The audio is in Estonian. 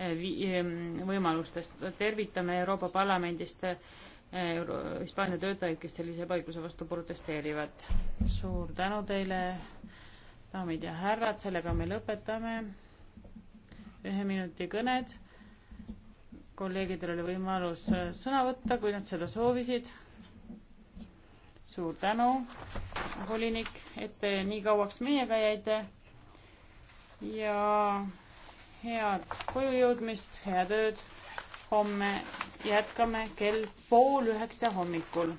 Eh, eh, võimalustest. tervitame Euroopa Parlamendist eh, Hispaania töötajaid, kes sellise paiguse vastu protesteerivad. suur tänu teile, daamid ja härrad, sellega me lõpetame ühe minuti kõned. kolleegidel oli võimalus sõna võtta, kui nad seda soovisid. suur tänu, volinik, et te nii kauaks meiega jäite ja head koju jõudmist, head ööd. homme jätkame kell pool üheksa hommikul